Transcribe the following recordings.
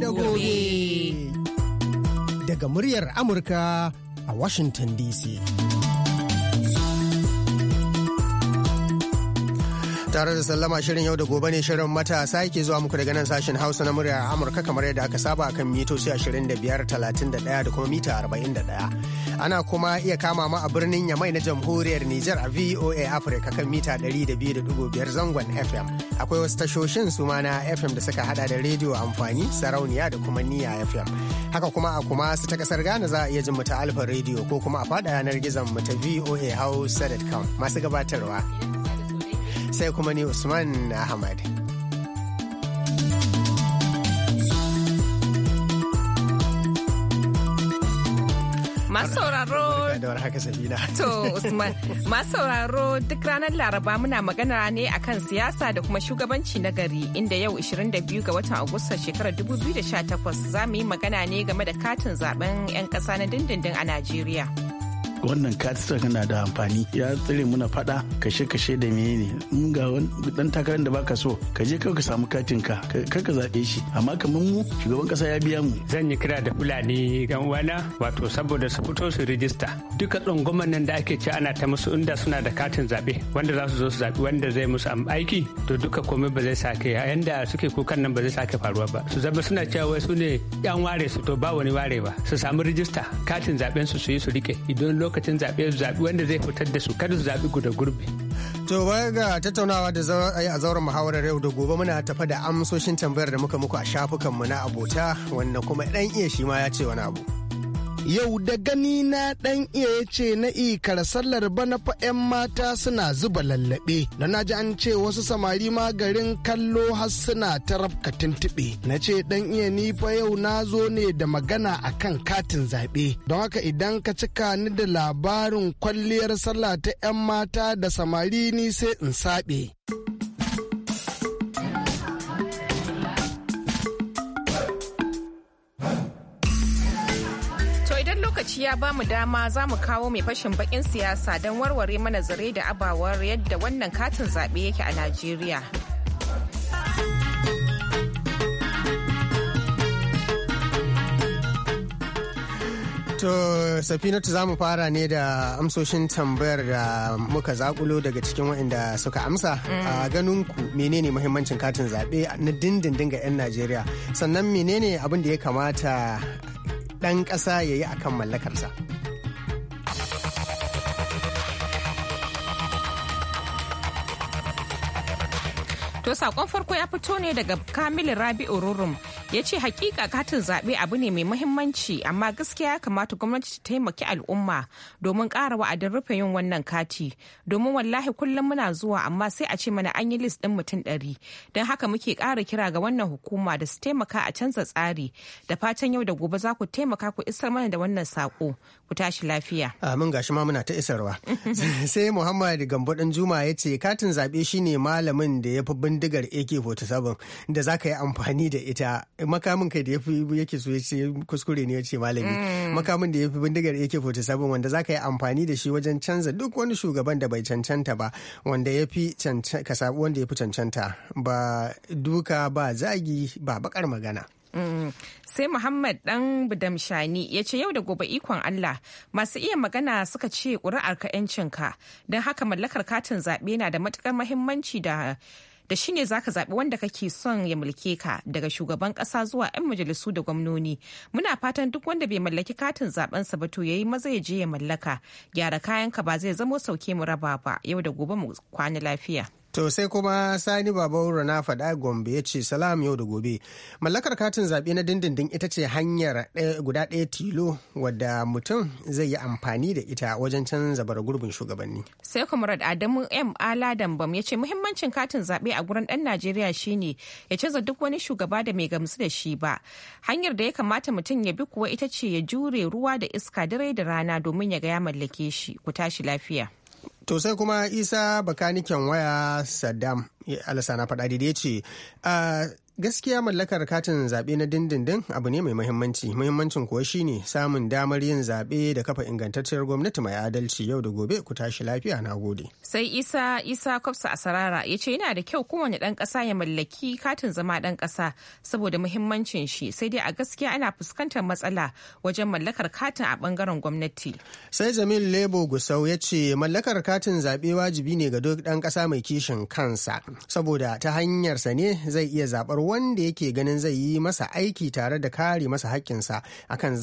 da gobe. Daga muryar Amurka a Washington DC. tare da sallama shirin yau da gobe ne shirin matasa yake zuwa muku daga nan sashen hausa na muryar amurka kamar yadda aka saba kan mitoci 25 31 da kuma mita 41 ana kuma iya kama mu a birnin Yamai na jamhuriyar Nijar a VOA Africa kan mita 200.5 zangon FM. Akwai wasu tashoshin su ma na FM da suka hada da rediyo amfani, sarauniya da kuma niya FM. Haka kuma a kuma su ta kasar Ghana za a iya jin mu Alfa rediyo ko kuma a fada yanar gizon mu ta VOA Hausa.com masu gabatarwa. Sai kuma ni Usman Ahmad. Masu sauraro. Da haka Sabina. To Usman, masu sauraro duk ranar Laraba muna magana ne akan siyasa da kuma shugabanci na gari inda yau 22 ga watan Agusta shekarar 2018 za mu yi magana ne game da katin zaben 'yan ƙasa na dindindin a Najeriya. wannan katistan na da amfani ya tsire muna fada kashe-kashe da menene in ga dan takarar da baka so ka je kawai ka samu katin ka kar ka zaɓe shi amma kamar mu shugaban kasa ya biya mu zan yi kira da fulani yan uwana wato saboda su fito su rijista duka tsangwamar nan da ake ce ana ta musu inda suna da katin zaɓe wanda za su zo su zaɓi wanda zai musu aiki to duka komai ba zai sake yanda suke kukan nan ba zai sake faruwa ba su zama suna cewa su ne yan ware su to ba wani ware ba su samu rijista katin zaɓen su su yi su rike idan lokacin zaɓe su zaɓi wanda zai fitar da su kada su zaɓi guda gurbi. To bayan ga tattaunawa da za a yi a zauren muhawarar yau da gobe muna tafa da amsoshin tambayar da muka muku a shafukanmu na abota wanda kuma ɗan iya shi ma ya ce wani abu. yau da gani na dan iya ya ce na ikar sallar bana fa 'yan mata suna zuba lallabe da na ji an ce wasu samari ma garin kallo har suna ta rafka tuntuɓe na ce dan iya ni fa yau na zo ne da magana a kan katin zaɓe don haka idan ka cika ni da labarin kwalliyar sallah ta 'yan mata da samari ni sai in saɓe. lokaci ya ba mu dama za mu kawo mai fashin bakin siyasa don warware mana zare da abawar yadda wannan katin zaɓe yake a Najeriya. To Safinatu za mu fara ne da amsoshin tambayar da muka zakulo daga cikin waɗanda suka amsa. Mm. A ganin ku menene muhimmancin katin zaɓe na dindindin ga 'yan Najeriya. Sannan menene abin da ya kamata ɗan ƙasa ya yi a kan mallakarsa. To saƙon farko ya fito ne daga Kamilu Rabi'u Rurum ya ce hakika katin zaɓe abu ne mai mahimmanci amma gaskiya ya kamata gwamnati ta taimaki al'umma domin ƙara wa'adin rufe yin wannan kati domin wallahi kullum muna zuwa amma sai a ce mana an yi list ɗin mutum ɗari don haka muke ƙara kira ga wannan hukuma da su taimaka a canza tsari da fatan yau da gobe za ku taimaka ku isar mana da wannan sako ku tashi lafiya. amin gashi ma muna ta isarwa sai muhammad gambo ɗan juma ya ce katin zaɓe shine malamin da ya fi bindigar ak-47 da za ka yi amfani da ita makamin kai da ya fi yake so ya kuskure ne ya ce malami mm. makamin da ya fi bindigar yake 47 wanda za ka yi amfani da shi wajen canza duk wani shugaban da bai cancanta ba wanda ya fi cancanta wanda ya fi cancanta ba duka ba zagi ba bakar magana mm. sai muhammad dan budamshani ya ce yau da gobe ikon allah masu iya magana suka ce ƙuri'ar ka 'yancinka don haka mallakar katin zaɓe na da matuƙar mahimmanci da da shi ne za ka zaɓi wanda kake son ya mulke ka daga shugaban ƙasa zuwa 'yan majalisu da gwamnoni muna fatan duk wanda bai mallaki katin sa ba to yayi maza ya je ya mallaka gyara kayan ka ba zai zamo sauke mu raba ba yau da gobe mu kwana lafiya. To sai kuma Sani Babauro na faɗa Gombe ya ce salam yau da gobe. Mallakar katin zaɓe na dindindin ita ce hanyar guda ɗaya tilo wadda mutum zai yi amfani da ita wajen canza bara gurbin shugabanni. Sai Comrade Adamu M. Aladan Bam ya ce muhimmancin katin zaɓe a gurin ɗan Najeriya shine ya canza duk wani shugaba da mai gamsu da shi ba. Hanyar da ya kamata mutum ya bi kuwa ita ce ya jure ruwa da iska dare da rana domin ya ga ya mallake shi. Ku tashi lafiya. To sai kuma Isa bakaniken waya Saddam Alasa na faɗa daidai ce ah, gaskiya mallakar katin zaɓe na dindindin abu ne mai muhimmanci muhimmancin kuwa shine samun damar yin zaɓe da kafa ingantacciyar gwamnati mai adalci yau da gobe ku tashi lafiya na gode sai isa isa kwafsa asarara ya ce yana da kyau kowane ɗan ƙasa ya mallaki katin zama ɗan ƙasa saboda muhimmancin shi sai dai a gaskiya ana fuskantar matsala wajen mallakar katin a ɓangaren gwamnati sai jamil lebo gusau ya ce mallakar katin zaɓe wajibi ne ga duk ɗan ƙasa mai kishin kansa saboda ta hanyarsa ne zai iya zaɓar wanda yake ganin zai yi masa aiki tare da kare masa haƙƙinsa akan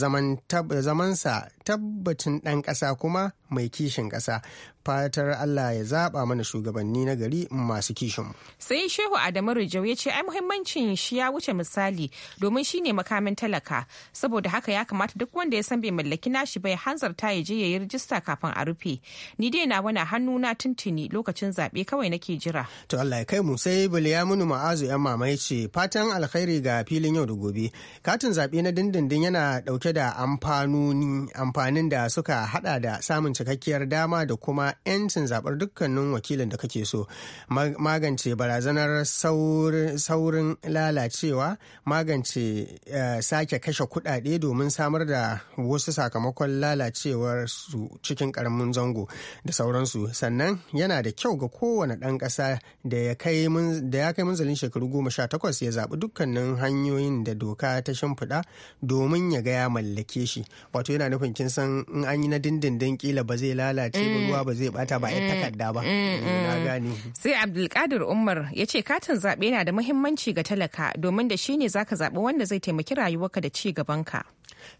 zaman sa tabbacin ɗan ƙasa kuma mai kishin ƙasa fatar Allah ya zaba mana shugabanni na gari masu kishin. Sai Shehu Adamu Rijau ya ce ai muhimmancin shi ya wuce misali domin shi ne makamin talaka saboda haka ya kamata duk wanda ya san bai mallaki nashi bai hanzarta ya je ya yi rijista kafin a rufe. Ni dai na wani hannu na tuntuni lokacin zabe kawai nake jira. To Allah ya kai mu sai munu Ma'azu yan mamaye ce fatan alkhairi ga filin yau da gobe. Katin zabe na dindindin yana dauke da amfanin da suka hada da samun cikakkiyar dama da kuma 'yancin zabar dukkanin wakilin da kake so magance barazanar saurin lalacewa magance eh, sake kashe kudade domin samar da wasu sakamakon lalacewar su cikin karamin zango da sauransu sannan yana da kyau ga kowane ɗan ƙasa da ya kai munzalin shekaru goma sha takwas ya zabi dukkanin hanyoyin da doka ta shimfiɗa domin ya ga ya mallake shi wato yana nufin kin san in an yi na dindindin kila ba zai lalace ba mm. ruwa ba zai bata ba yan mm. takarda ba mm, eh, na gane sai abdulkadir umar ya ce katin zaɓe yana da muhimmanci ga talaka domin da shine zaka zaɓi wanda zai taimaki rayuwarka da ci gabanka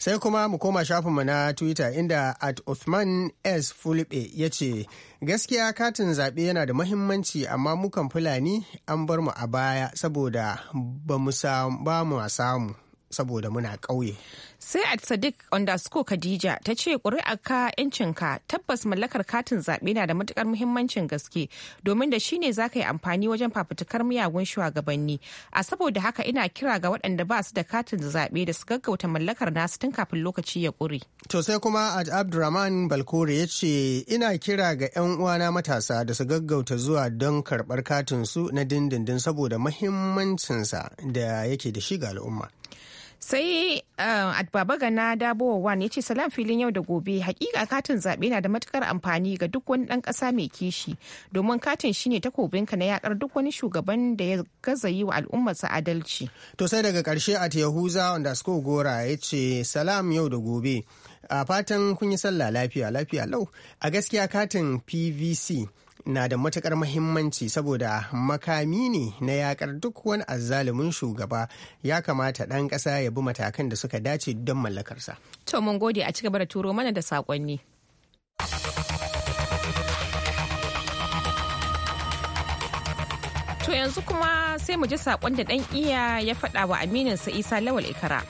sai kuma mu koma shafin mu na twitter inda at Uthman s fulbe ya ce gaskiya katin zaɓe yana da mahimmanci amma mukan fulani an bar mu a baya saboda ba mu samu saboda muna ƙauye. Sai at Sadiq underscore Khadija ta ce ka ‘yancinka tabbas mallakar katin zaɓe na da matukar muhimmancin gaske domin da shi ne za ka yi amfani wajen fafutukar miyagun shugabanni. A saboda haka ina kira ga waɗanda ba su da katin zaɓe da su gaggauta mallakar nasu tun kafin lokaci ya ƙuri. To sai kuma at Abdurrahman Balkore ya ce ina kira ga 'yan uwana matasa da su gaggauta zuwa don karɓar katin su na dindindin saboda muhimmancinsa da yake da shi ga al'umma. sai uh, eh, gana dabowa wa ya ce salam filin yau da gobe hakika katin zaɓe na da matukar amfani ga duk wani ɗan ƙasa mai kishi domin katin shine takobinka na yakar duk wani shugaban da ya gaza yi wa al'ummarsa adalci to sai daga ƙarshe a yahuza underscore gora ya ce salam yau da gobe a fatan kun yi sallah lafiya lafiya lau a gaskiya katin pvc na da matukar mahimmanci saboda makami ne na yakar duk wani azzalumin shugaba ya kamata ɗan ƙasa ya bi matakan da suka dace don mallakarsa. To mun gode a cigaba da turo mana da saƙonni. To yanzu kuma sai mu ji saƙon da ɗan iya ya faɗa wa aminin sa Isa Lawal Ikara.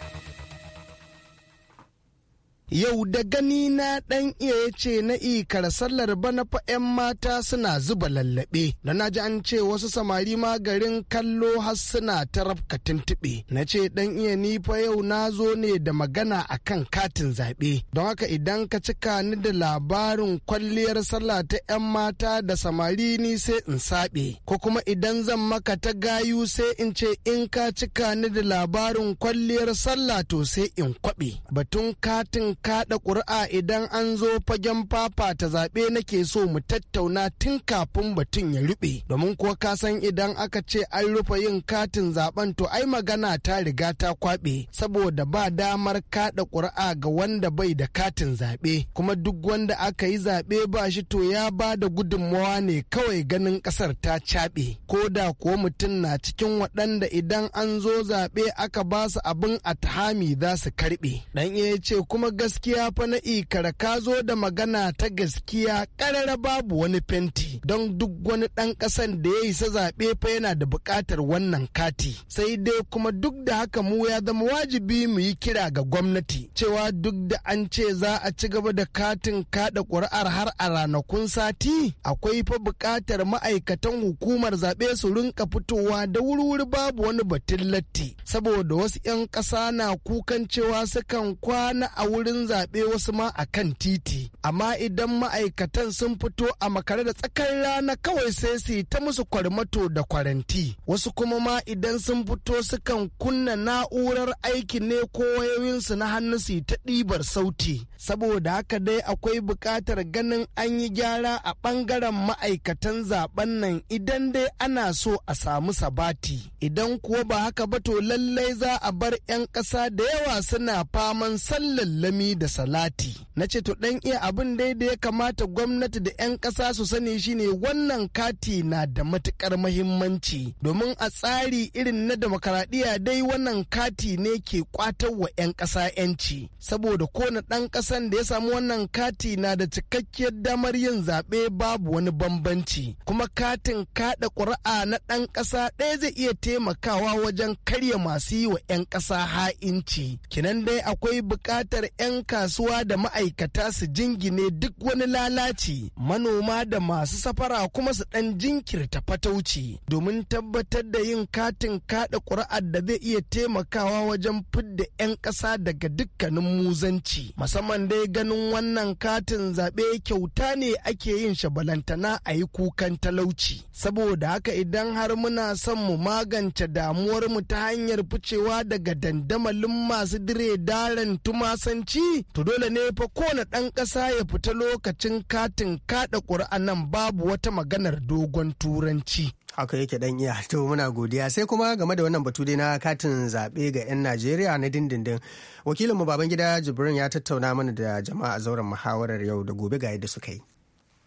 yau da gani na ɗan iya ya ce na ikar sallar bana fa 'yan mata suna zuba lallaɓe da na ji an ce wasu samari ma garin kallo har suna ta rafka tuntuɓe na ce ɗan iya ni fa yau na zo ne da magana a kan katin zaɓe don haka idan ka cika ni da labarin kwalliyar sallah ta 'yan mata da samari ni sai in saɓe ko kuma idan zan maka ta gayu sai in ce in ka cika ni da labarin kwalliyar sallah to sai in kwaɓe batun katin kaɗa ƙuri'a idan an zo fagen ta zaɓe nake so mu tattauna tun kafin batun ya ruɓe domin ko ka san idan aka ce an rufe yin katin zaben to ai magana ta riga ta kwaɓe saboda ba damar kaɗa ƙuri'a ga wanda bai da katin zaɓe kuma duk wanda aka yi zaɓe ba shi to ya ba da gudunmawa ne kawai ganin ƙasar ta caɓe ko da kuwa mutum na cikin waɗanda idan an zo zaɓe aka ba su abin atahami za su karɓe dan iya ce kuma gas gaskiya fa na ikara ka zo da magana ta gaskiya karara babu wani fenti don duk wani ɗan ƙasan da ya isa zaɓe fa yana da buƙatar wannan kati sai dai kuma duk da haka mu ya zama wajibi mu yi kira ga gwamnati cewa duk da an ce za a ci gaba da katin kaɗa ƙuri'ar har a ranakun sati akwai fa buƙatar ma'aikatan hukumar zaɓe su rinka fitowa da wuri-wuri babu wani batun latti saboda wasu 'yan ƙasa na kukan cewa sukan kwana a wurin an zaɓe wasu ma a kan titi amma idan ma'aikatan sun fito a makare da tsakar rana kawai sai su ta musu kwarmato da kwaranti wasu kuma ma idan sun fito sukan kunna na'urar aiki ne ko wayoyinsu na hannu su ta ɗibar sauti saboda haka dai akwai buƙatar ganin an yi gyara a ɓangaren ma'aikatan zaɓen nan idan dai ana so a samu sabati idan kuwa ba haka ba to lallai za a bar 'yan ƙasa da yawa suna faman sallallami da salati na ce to ɗan iya abin dai da ya kamata gwamnati da 'yan ƙasa su sani shine wannan kati na da matukar mahimmanci domin a tsari irin na demokaradiyya dai wannan kati ne ke kwatar 'yan ƙasa 'yanci saboda ko na ɗan ƙasan da ya samu wannan kati na da cikakkiyar damar yin zaɓe babu wani bambanci kuma katin kaɗa ƙuri'a na ɗan ƙasa ɗaya zai iya taimakawa wajen karya masu yi wa 'yan ƙasa ha'inci kinan dai akwai buƙatar 'yan 'yan kasuwa da ma'aikata su jingine duk wani lalaci manoma da masu safara kuma su ɗan jinkirta fatauci domin tabbatar da yin katin kaɗa ƙuri'ar da zai iya taimakawa wajen fidda 'yan ƙasa daga dukkanin muzanci musamman dai ganin wannan katin zaɓe kyauta ne ake yin shabalantana a yi kukan talauci saboda haka idan har muna son mu magance damuwar mu ta hanyar ficewa daga dandamalin masu dire daren tumasanci shi to dole ne fa kowane ɗan ƙasa ya fita lokacin katin kaɗa ƙuri'an nan babu wata maganar dogon turanci. haka yake ɗan iya to muna godiya sai kuma game da wannan batu dai na katin zaɓe ga 'yan najeriya na dindindin wakilinmu babangida jibrin ya tattauna mana da jama'a zauren muhawarar yau da gobe ga yadda suka yi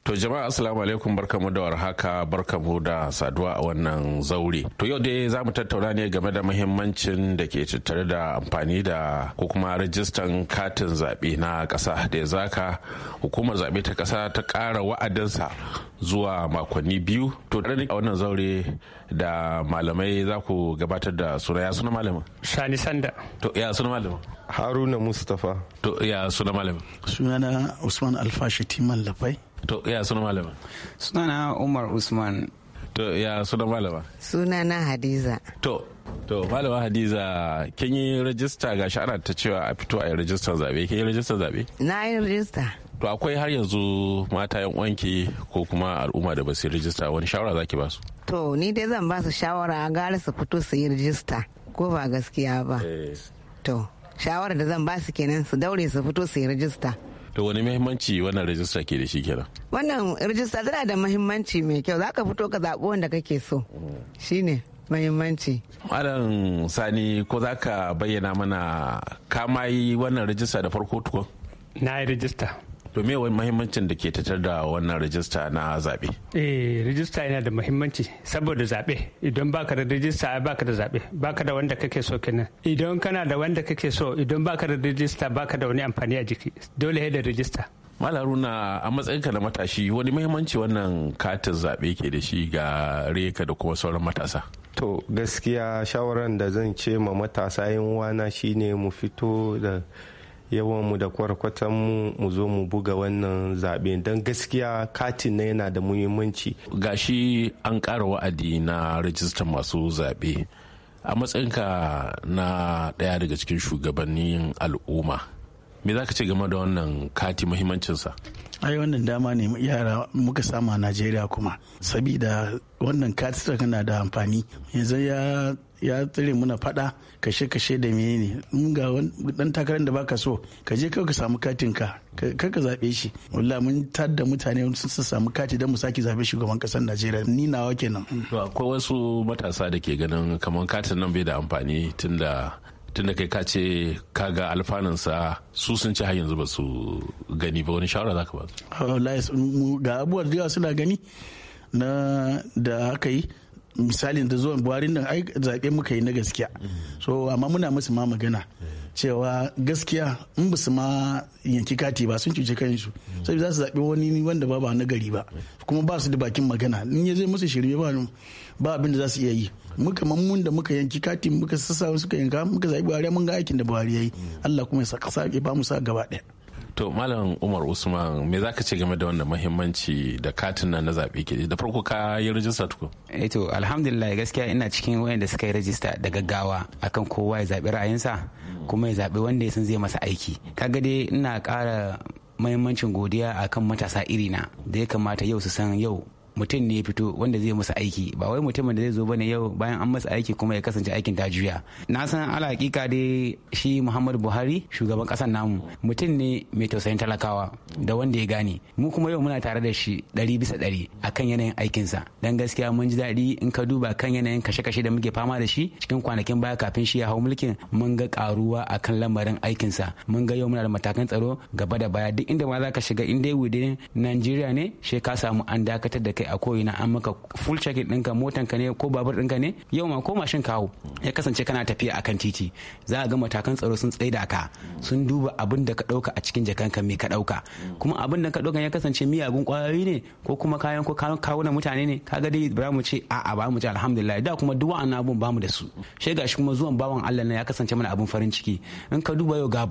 To jama'a assalamu alaikum barkamu da warhaka barkamu da saduwa a wannan zaure. To yau dai za mu tattauna ne game da muhimmancin da ke tattare da amfani da ko kuma rajistan katin zaɓe na ƙasa da ya zaka hukumar zaɓe ta ƙasa ta ƙara wa'adinsa zuwa makonni biyu. To tare a wannan zaure da malamai za ku gabatar da suna ya suna malamin. Sani Sanda. To ya suna malamin. Haruna Mustapha. To ya suna malamin. Sunana Usman Alfashi Timan Lafai. to ya suna malama sunana umar usman to ya suna malama sunana hadiza to to malama hadiza kin yi rajista ga ana ta cewa a fito a yi rajistar zabe kin yi rajistar zabe na yi rajista to akwai har yanzu mata yan wanki ko kuma al'umma da ba su yi rajista wani shawara ki ba su to ni dai zan ba su shawara gara su fito su yi rajista ko ba gaskiya ba eh. to shawarar da zan ba su kenan su daure su fito su yi rajista da wani muhimmanci wannan rajista ke da shi kenan wannan rajista tana da mahimmanci mai kyau za ka fito ka zaɓi wanda kake so shine mahimmanci. Malam Sani ko za ka bayyana mana kama yi wannan rajista da farko tukun? Na yi rajista. to me wani mahimmancin da ke tattar da wannan rajista na zaɓe eh rajista yana da mahimmanci saboda zaɓe idan baka da rajista baka da zaɓe baka da wanda kake so kenan idan kana da wanda kake so idan baka da rajista baka da wani amfani a jiki dole da rajista Mala Haruna a matsayinka na matashi wani mahimmanci wannan katin zaɓe ke da shi ga reka da kuma sauran matasa. To gaskiya shawaran da zan ce ma matasa yin wana shine mu fito da yawan mu da kwarkwatanmu mu zo mu buga wannan zaɓe don gaskiya katin na yana da muhimmanci gashi an ƙara wa'adi na rajistar masu zaɓe a matsayinka na ɗaya daga cikin shugabannin al'umma me za ka ce game da wannan kati muhimmancinsa ai wannan dama ne yara muka samu a najeriya kuma sabida wannan kati na da amfani yanzu ya ya tsire muna fada kashe-kashe da menene ne. ga dan takarar da baka so ka je kawai ka samu katin ka kar ka zabe shi wallahi mun tadda mutane sun samu kati don mu sake zabe shugaban kasar Najeriya ni nawa kenan to akwai wasu matasa da ke ganin kamar katin nan bai da amfani tunda tunda kai ka ce ka ga sa su sun ci har yanzu ba su gani ba wani shawara za ka ba su oh, ga abubuwan da yawa suna gani na da aka yi misalin da zuwan buhari nan ai zaɓe muka yi na gaskiya so amma muna musu ma magana cewa gaskiya in ba su ma yanki kati ba sun cuce kansu sai za su zaɓi wani wanda ba ba na gari ba kuma ba su da bakin magana in ya zai musu shirme ba ba abin da za su iya yi muka mammun da muka yanki kati muka sassa suka yanka muka zaɓi buhari mun ga aikin da buhari ya yi allah kuma ya sa ba mu sa gaba ɗaya to malam umar usman me zaka ce game da wannan muhimmanci da katin nan na zaɓe ke da farko ka yi rajista tuku eh to alhamdulillah gaskiya ina cikin wayanda suka yi rajista da gaggawa akan kowa ya zaɓi ra'ayinsa kuma ya zaɓi wanda ya san zai masa aiki kaga dai ina ƙara mahimmancin godiya akan matasa irina da ya kamata yau su san yau mutum ne ya fito wanda zai masa aiki ba wai mutumin da zai zo ba bane yau bayan an masa aiki kuma ya kasance aikin ta juya na san ala hakika dai shi muhammadu buhari shugaban kasar namu mutum ne mai tausayin talakawa da wanda ya gane mu kuma yau muna tare da shi ɗari bisa ɗari kan yanayin aikinsa dan gaskiya mun ji daɗi in ka duba kan yanayin kashe-kashe da muke fama da shi cikin kwanakin baya kafin shi ya hau mulkin mun ga karuwa kan lamarin aikinsa mun ga yau muna da matakan tsaro gaba da baya duk inda ma za ka shiga inda ya wudin najeriya ne shi ka samu an dakatar da kai kai a koyina an maka full checking ɗinka motan ka ne ko babur ɗinka ne yau ma ko mashin kawo ya kasance kana tafiya a kan titi za a ga matakan tsaro sun tsaida ka sun duba abin da ka dauka a cikin jakan ka me ka ɗauka kuma abin da ka ɗauka ya kasance miyagun kwayoyi ne ko kuma kayan ko na mutane ne kaga dai ba mu ce a'a ba mu ce alhamdulillah da kuma duk wa'annan abun ba mu da su shi gashi kuma zuwan bawan Allah na ya kasance mana abin farin ciki in ka duba yau ga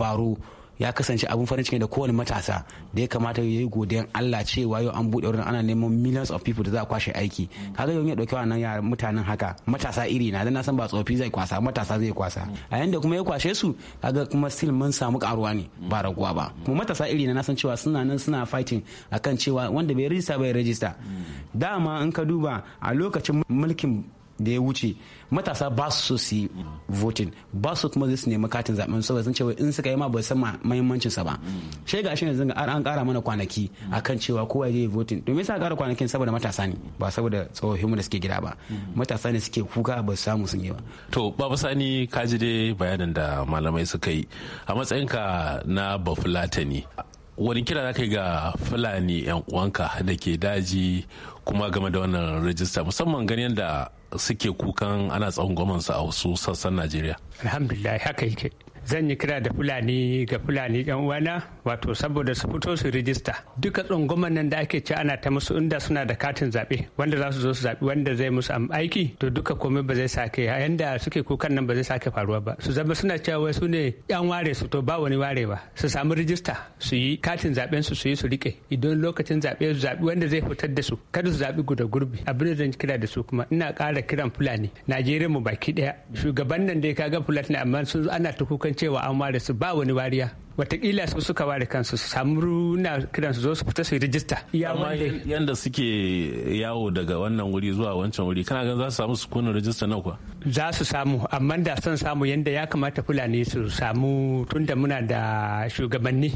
ya kasance abin farin ciki da kowane matasa da ya kamata ya yi godiyan Allah cewa yau an buɗe wurin ana neman millions of people da za a kwashe aiki kaga yau ya ɗauki wannan yara mutanen haka matasa iri na dan na san ba tsofi zai kwasa matasa zai kwasa a yanda kuma ya kwashe su kaga kuma still mun samu karuwa ne ba raguwa ba kuma matasa iri na na san cewa suna nan suna fighting akan cewa wanda bai rijista bai rijista dama in ka duba a lokacin mulkin da ya wuce matasa ba su so su yi voting ba su kuma zai su nemi katin zaben saboda sun cewa in suka yi ma ba san mahimmancin sa ba shi ga shi yanzu an kara mana kwanaki akan cewa kowa zai yi voting domin sa kara kwanakin saboda matasa ne ba saboda tsohon mu da suke gida ba matasa ne suke kuka ba su samu sun yi ba to baba sani ka ji dai bayanin da malamai suka yi a matsayinka na bafulatani wani kira za ka yi ga fulani 'yan uwanka da ke daji kuma game da wannan rajista musamman ganin da suke kukan ana tsawon tsangwaman su a wasu sassan najeriya alhamdulillah haka yake zan yi kira da fulani ga fulani yan uwana wato saboda su fito su rijista duka tsungumar nan da ake ci ana ta musu inda suna da katin zaɓe wanda za su zo su zaɓi wanda zai musu aiki to duka komai ba zai sake yanda suke kukan nan ba zai sake faruwa ba su zama suna cewa wai su ne yan ware su to ba wani ware ba su samu rijista su yi katin zaɓen su su yi su rike idan lokacin zaɓe su zaɓi wanda zai fitar da su kada su zaɓi guda gurbi abin da zan kira da su kuma ina kara kiran fulani najeriya mu baki ɗaya shugaban nan dai kaga fulani amma sun ana ta kukan cewa an ware su ba wani wariya watakila su suka ware kansu su samu na kiran su zo su fita su yi rijista amma yanda suke yawo daga wannan wuri zuwa wancan wuri kana gan za su samu sukunin rijista nan kuwa za su samu amma da son samu yanda ya kamata fulani su samu tunda muna da shugabanni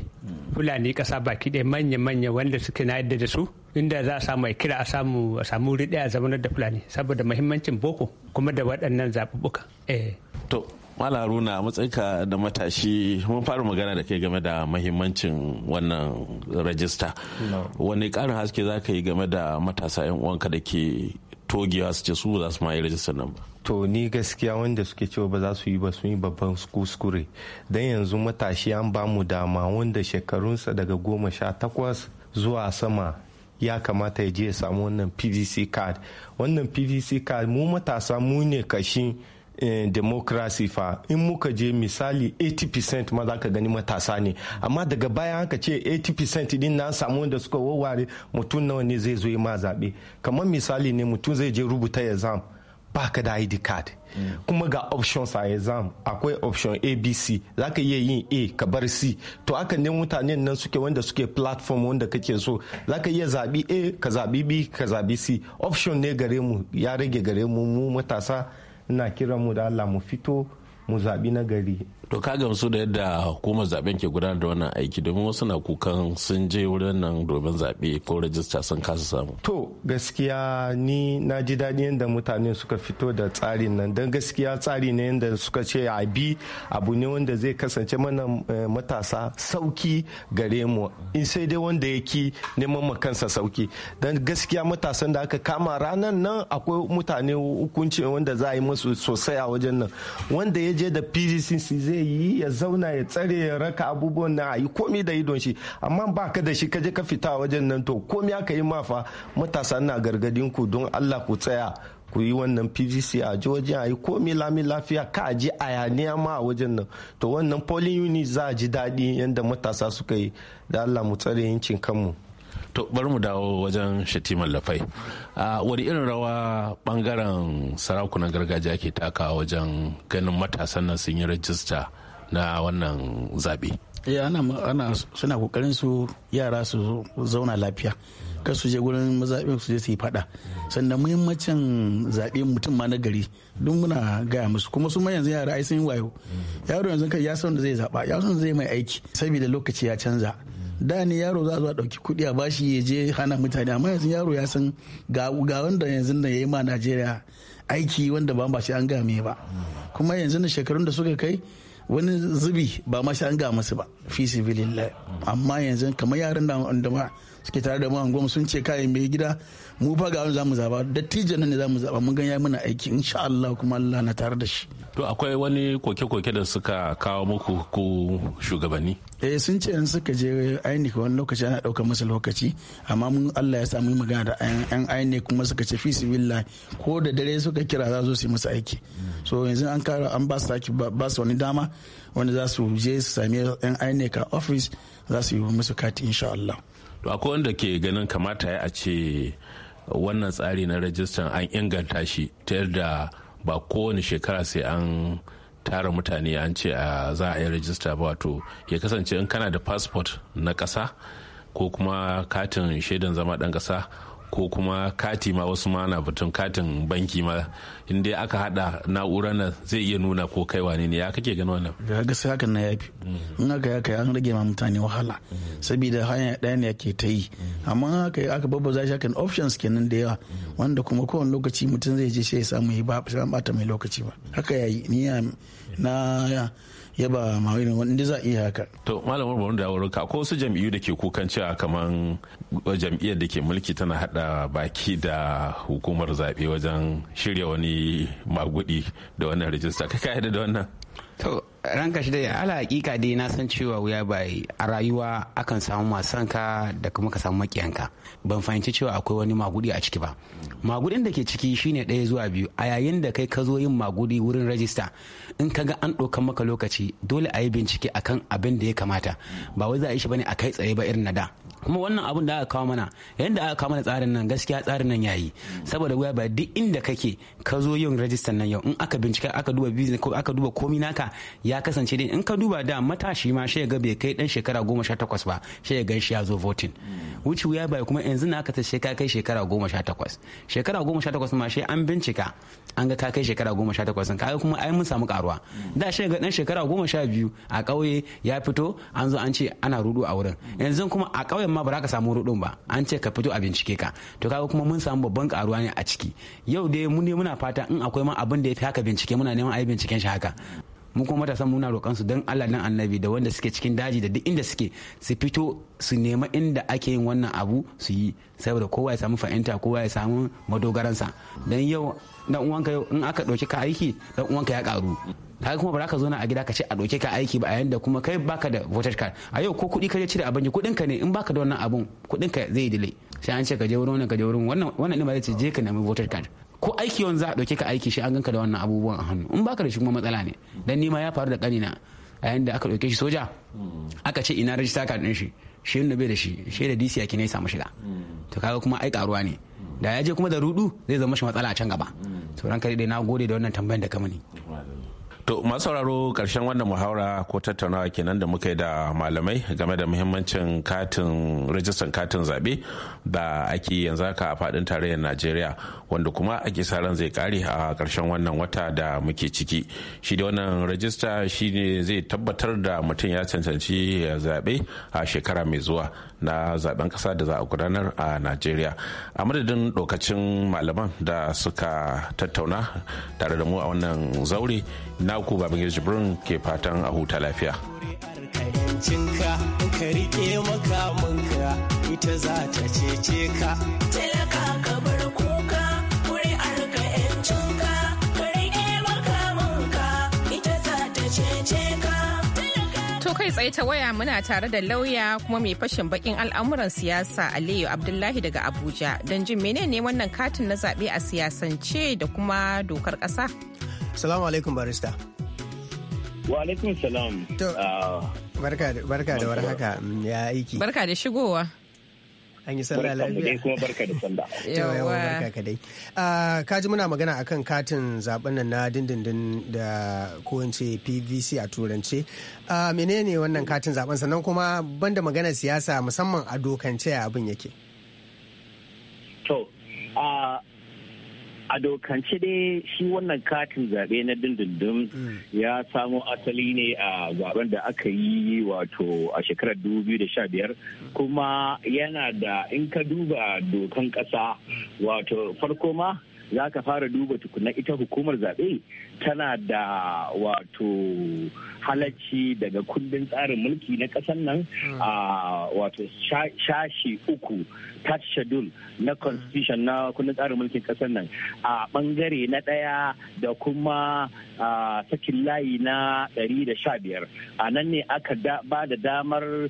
fulani kasa baki ɗaya manya-manya wanda suke na yadda da su inda za a samu a kira a samu a samu riɗe a zamanar da fulani saboda muhimmancin boko kuma da waɗannan zaɓuɓɓuka. Eh. to Mala Haruna a matsayinka da matashi mun fara magana da kai game da mahimmancin wannan rajista. Wani karin haske za ka yi game da matasa 'yan uwanka da ke togewa su ce su za su ma yi rajistar nan ba. to ni gaskiya wanda suke cewa ba za su yi ba sun yi babban kuskure don yanzu matashi an ba mu dama wanda shekarunsa daga goma sha takwas zuwa sama ya kamata ya je ya samu wannan pvc card wannan pvc card mu matasa mu ne kashin Eh, democracy fa in muka je misali 80% ma za ka gani matasa ne amma daga baya haka ce 80% din na samu wanda suka wawware mutum nawa ne zai zo ma zaɓe kamar misali ne mutum zai je rubuta exam baka da id card mm. kuma ga options a exam akwai option abc za ka iya yin a ka bar c to aka ne mutane nan suke wanda suke platform wanda kake so za ka iya zaɓi a ka zaɓi b ka zaɓi c option ne gare mu ya rage gare mu mu matasa ina kiran mu da allah mu fito mu zaɓi na gari to ka gamsu da yadda hukumar zaben ke gudanar da wannan aiki domin wasu na kukan sun je wurin nan domin zaɓe ko rajista sun kasa samu to gaskiya ni na ji daɗi yadda mutane suka fito da tsarin nan don gaskiya tsari ne yadda suka ce a bi abu ne wanda zai kasance mana eh, matasa sauki gare mu in sai dai wanda ya ki neman ma kansa sauki don gaskiya matasan da aka kama ranar nan akwai mutane hukunci wanda za a yi musu sosai a wajen nan wanda ya je da pdc zai zai yi ya zauna ya tsare ya raka abubuwan nan ayi yi komi da idon shi amma ba ka da shi ka je ka fita wajen nan to komi aka yi mafa matasa na gargadin ku don allah ku tsaya ku yi wannan pvc a ji wajen a yi komi lami lafiya ka a ji ayaniya ma a wajen nan to wannan polling unit za a ji daɗi yadda matasa suka yi da allah mu tsare yancin kanmu to bari mu dawo wajen shatiman lafai wani irin rawa bangaren sarakunan gargajiya ke taka wajen ganin matasan nan sun yi rajista na wannan zaɓe eh, ana suna kokarin su yara su zauna lafiya kar su je gurin mazaɓin su je su yi fada sannan muhimmancin zaɓe mutum ma na gari duk muna gaya musu kuma su ma yanzu yara ai sun yi wayo yaro yanzu kai ya san da zai zaɓa ya san zai mai aiki saboda lokaci ya canza da ne yaro za a zo a ɗauki kuɗi a bashi ya je hana mutane amma yanzu yaro ya san ga wanda yanzu da ya yi ma najeriya aiki wanda ba ba shi an game ba kuma yanzu da shekarun da suka kai wani zubi ba ma shi an ga musu ba fi sibilillah amma yanzu kamar yaran da ma suke tare da mu sun ce kayan mai gida mu fa ga za mu zaba dattijo nan ne mu zaba mun gan ya muna aiki insha Allah kuma Allah na tare da shi to akwai wani koke-koke da suka kawo muku ku shugabanni eh sun ce in suka je INEC wani lokaci ana ɗaukar musu lokaci amma mun Allah ya sa mu magana da ɗan INEC kuma suka ce fi sibilla ko da dare suka kira za su yi musu aiki so yanzu an kara an ba su ba su wani dama wanda za su je su sami yan INEC a office za su yi musu kati insha Allah to akwai wanda ke ganin kamata ya a ce wannan tsari na rajistan an inganta shi ta yadda ba kowane shekara sai an tara mutane an ce a za a yi rajista ba wato ya kasance in kana da fasfot na ƙasa ko kuma katin shaidan zama ɗan ƙasa ko kuma kati ma wasu ma na batun katin banki ma inda aka hada naura nan zai iya nuna ko kai wane ne ya kake gani wannan ga gasa hakan na yafi mm-hmm. in aka yaka an rage ma mutane wahala mm-hmm. saboda hanya daya ne yake ta yi mm-hmm. amma aka aka babbaza shi hakan options kenan da yawa wanda kuma kowane lokaci mutum zai je shi ya samu ya ba bata mai lokaci ba haka yayi ni na yaba ma wani wanda za a iya haka to malamar bari da wurin ka ko wasu jam'iyyu da ke kukan cewa kamar jam'iyyar da ke mulki tana hada baki da hukumar zaɓe wajen shirya wani magudi da wannan rijista ka da wannan to ranka shi dai ala hakika dai na san cewa wuya bai a rayuwa akan samu ka da kuma ka samu makiyanka ban fahimci cewa akwai wani magudi a ciki ba magudin da ke ciki shine ɗaya zuwa biyu a yayin da kai ka zo yin magudi wurin rajista in ka ga an ɗaukan maka lokaci dole a yi bincike akan abin da ya kamata ba wai za a yi shi bane a kai tsaye ba irin na da kuma wannan abun da aka kawo mana yadda aka kawo mana tsarin nan gaskiya tsarin nan yayi saboda wuya ba duk inda kake ka zo yin rajistar nan yau in aka bincika aka duba business ko aka duba komi naka ya kasance dai in ka duba da matashi ma shi ga bai kai dan shekara goma sha takwas ba shi ya gan shi ya zo voting wuce wuya ba kuma yanzu na aka ta shekara kai shekara goma sha takwas shekara goma sha takwas ma shi an bincika an ga ka kai shekara goma sha takwas kuma ai mun samu karuwa da shi ga dan shekara goma sha biyu a kauye ya fito an zo an ce ana rudu a wurin yanzu kuma a kauye. ma ba za ka samu rudun ba an ce ka fito a bincike ka to kaga kuma mun samu babban karuwa ne a ciki yau dai mun muna fata in akwai ma abin da ya fi haka bincike muna neman a yi binciken shi haka mu kuma matasan muna roƙon su don Allah dan annabi da wanda suke cikin daji da duk inda suke su fito su nema inda ake yin wannan abu su yi saboda kowa ya samu fahimta kowa ya samu madogaransa don yau dan uwanka yau in aka ɗauki ka aiki dan uwanka ya karu. kaga kuma ba za ka zo na a gida ka ce a ɗauke ka aiki ba a yanda kuma kai baka da voter card a yau ko kuɗi ka je cire a banki kuɗin ka ne in baka da wannan abun kuɗin ka zai dile sai an ce ka je wurin wannan ka je wurin wannan wannan ba zai ce je ka nemi voter card ko aiki yanzu za a ɗauke ka aiki shi an ganka da wannan abubuwan a hannu in baka da shi kuma matsala ne dan nima ya faru da ƙanina a yanda aka ɗauke shi soja aka ce ina rajista card ɗin shi shi da bai da shi shi da DC yake ne ya samu shiga to kaga kuma ai karuwa ne da ya je kuma da rudu zai zama shi matsala a can gaba to ranka dai na gode da wannan tambayar da ka mani To masu sauraro karshen wannan muhawara ko tattaunawa kenan da muka yi da malamai game da muhimmancin katin rajistan katin zaɓe da ake yanzu haka a faɗin tarayyar Najeriya wanda kuma ake sa zai kare a karshen wannan wata da muke ciki. Shi da wannan rajista shi ne zai tabbatar da mutum ya cancanci zaɓe a shekara mai zuwa na zaben ƙasa da za a gudanar a Najeriya. A madadin ɗokacin malaman da suka tattauna tare da mu a wannan zaure na naku babin brun ke fatan a huta lafiya ta bar kuka ka to kai tsaye ta waya muna tare da lauya kuma mai fashin bakin al'amuran siyasa aliyu abdullahi daga abuja don jin menene wannan katin na zaɓe a siyasance da kuma dokar ƙasa Salamu alaikum barista. Wa alaikum salam. To, ah. barka da haka mm, ya aiki. Barka da shigowa. an yi sallah lafiya kuma barka da sallah yawa barka ka dai ah, ka ji muna magana akan katin zaben nan na dindindin da ko in ce PVC a turance ah, menene wannan katin zaben sannan kuma banda magana siyasa musamman a dokance abin yake to a dokance dai shi wannan katin zaɓe na dindindin mm. ya samo asali ne a zaben da aka yi wato a shekarar 2015 kuma yana da in ka duba dokan ƙasa wato farko ma za ka fara duba tukuna ita hukumar zaɓe tana da wato halacci daga kundin tsarin mulki na kasan nan hmm. a wato shashi uku tax na hmm. constitution na kundin tsarin mulkin kasan nan a bangare na ɗaya da kuma sakin layi na ɗari da sha biyar a nan ne aka ba da damar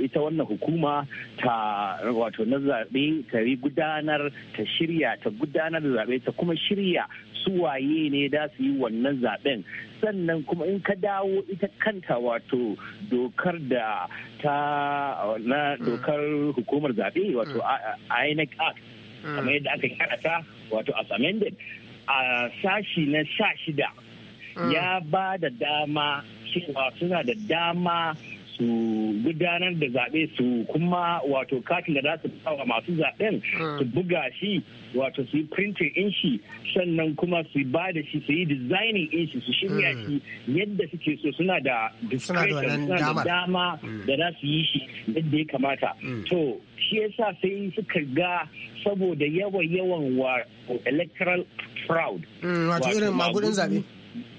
ita wannan hukuma ta wato na zaɓe ta gudanar ta shirya ta gudanar da zaɓe ta kuma shirya suwaye ne da su yi wannan zaben sannan kuma in ka dawo ita kanta wato dokar da ta na mm. dokar hukumar zaɓe wato mm. inec act mm. kamar yadda aka karata wato as amended a sashi na sha shida ya ba da dama cewa suna da dama su gudanar da zaɓe su kuma wato katin da za su wa masu zaɓen su hmm. buga shi wato su yi printing in shi sannan kuma su ba da shi su yi designing in shi su shirya hmm. shi yadda suke so suna da suna da dama hmm. da za su yi shi yadda ya kamata to shi yasa sai suka ga saboda yawan yawan wa electoral fraud wato irin magudin zaɓe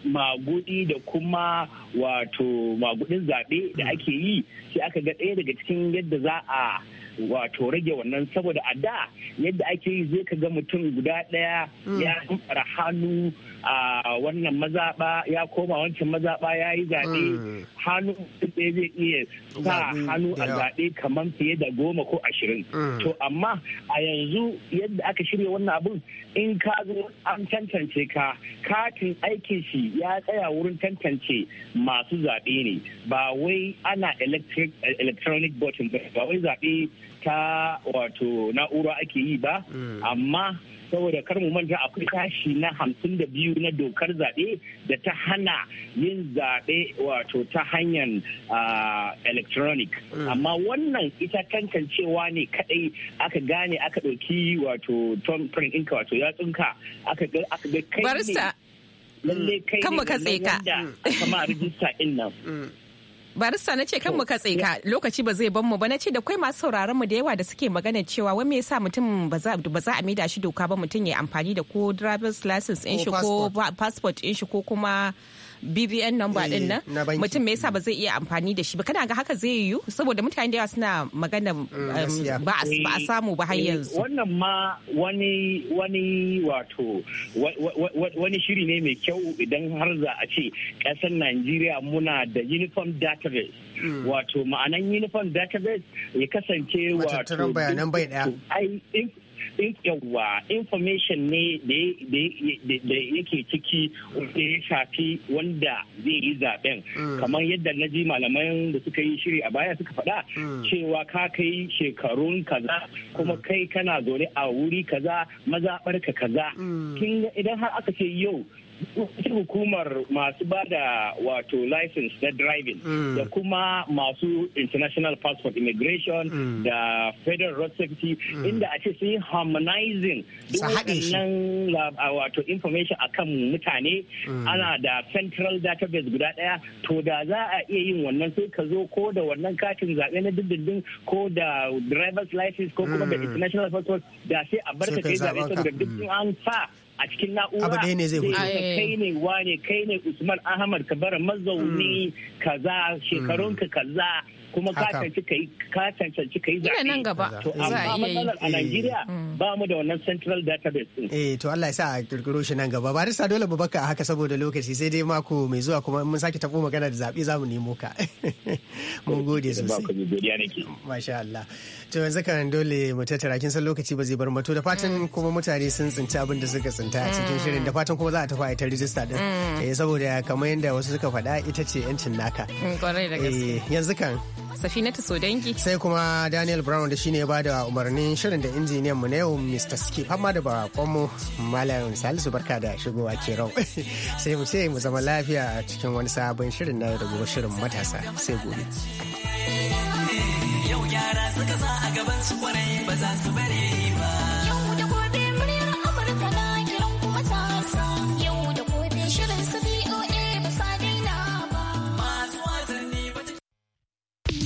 magudi da kuma wato magudin zaɓe da mm. ake yi sai aka ga ɗaya daga cikin yadda za a wato rage wannan saboda a da yadda ake yi zai ga mutum guda ɗaya mm. ya kamfara hannu a wannan mazaɓa ya koma wancan mazaɓa ya yi zaɓe mm. hannu ɗaya zai iya sa hannu a zaɓe kamar fiye da goma ko ashirin. Mm. To amma a yanzu yadda aka shirya wannan abun in ka zo an tantance ka katin aikin shi ya tsaya wurin tantance masu zaɓe ne ba wai ana electronic voting ba wai zaɓe ta wato na'ura ake yi ba hmm. amma saboda kar mu manta akwai tashi na hamsin da biyu na dokar zaɓe da ta hana yin zaɓe wato ta hanyar electronic hmm. amma wannan ita tantancewa ne kadai aka gane aka ɗauki wato tom print wato yatsunka aka ga kai ne lalle kai ne wanda hmm. rijista nan barista na ce kan mu katse ka lokaci ba zai ban ba na ce da kwai masu sauraron mu da yawa da suke magana cewa wai me yasa mutum ba za a maida shi doka ba mutum ya amfani da ko driver's license in shi ko passport in shi ko kuma BVN number eh, din nan mutum me yasa ba zai iya amfani da shi ba kana ga haka zai yiwu saboda mutane da yawa suna magana mm, um, ba a eh, samu ba har eh, yanzu wannan ma wani wani wato wani shiri ne mai kyau idan har za a ce ƙasar Najeriya muna da uniform database mm. wato ma'anan uniform database ya kasance wato bayanan yawa information ne da yake ciki da ya shafi wanda zai yi zaben hmm. kamar yadda na ji malaman da suka yi shiri a baya suka faɗa hmm. cewa ka kai shekarun kaza kuma hmm. kai kana zaune a wuri kaza mazaɓarka kaza idan har aka ce yau hukumar masu ba da wato license na driving mm. da kuma masu international passport immigration mm. da federal road safety mm. inda a ce sun yi harmonizing duk waɗannan uh, wato information akan mutane ana da central database guda ɗaya to da za a iya yin wannan sai ka zo ko da wannan katin zaɓe na dindindin ko da driver's license ko kuma da international passport da sai a barka kai zaɓe saboda duk an sa a cikin na'ura a zai kai ne wane kai ne usman ahmad ka bar mazauni mm. kaza shekarunka kaza kuma ka cancanci ka yi ka cancanci ka yi zaɓe nan gaba to amma matsalar a eh. Najeriya mm. ba mu da wannan central database eh to Allah ya sa a kirkiro shi nan gaba barista dole mu baka haka saboda lokaci sai dai mako mai zuwa kuma mun sake tabo magana da zaɓe zamu nemo ka mun gode sosai masha Allah to yanzu kan dole mu tattara kin san lokaci ba zai bar mato da fatan mm. kuma mutane sun tsinci abin da suka tsinta a cikin mm. shirin da fatan kuma za a tafi a ita rijista din eh, saboda kamar yadda wasu suka faɗa ita ce 'yancin naka eh, yanzu kan Safinatu Sodangi. Sai kuma Daniel Brown da shine ya bada umarnin shirin da injiniyan mu na yau Mr. Skip amma da bakon mu Malam Salisu barka da shigowa rau. sai mu sai mu zama lafiya a cikin wani sabon shirin na yau da shirin matasa sai gobe. Yau yara suka sa a gaban su kwarai ba za su bari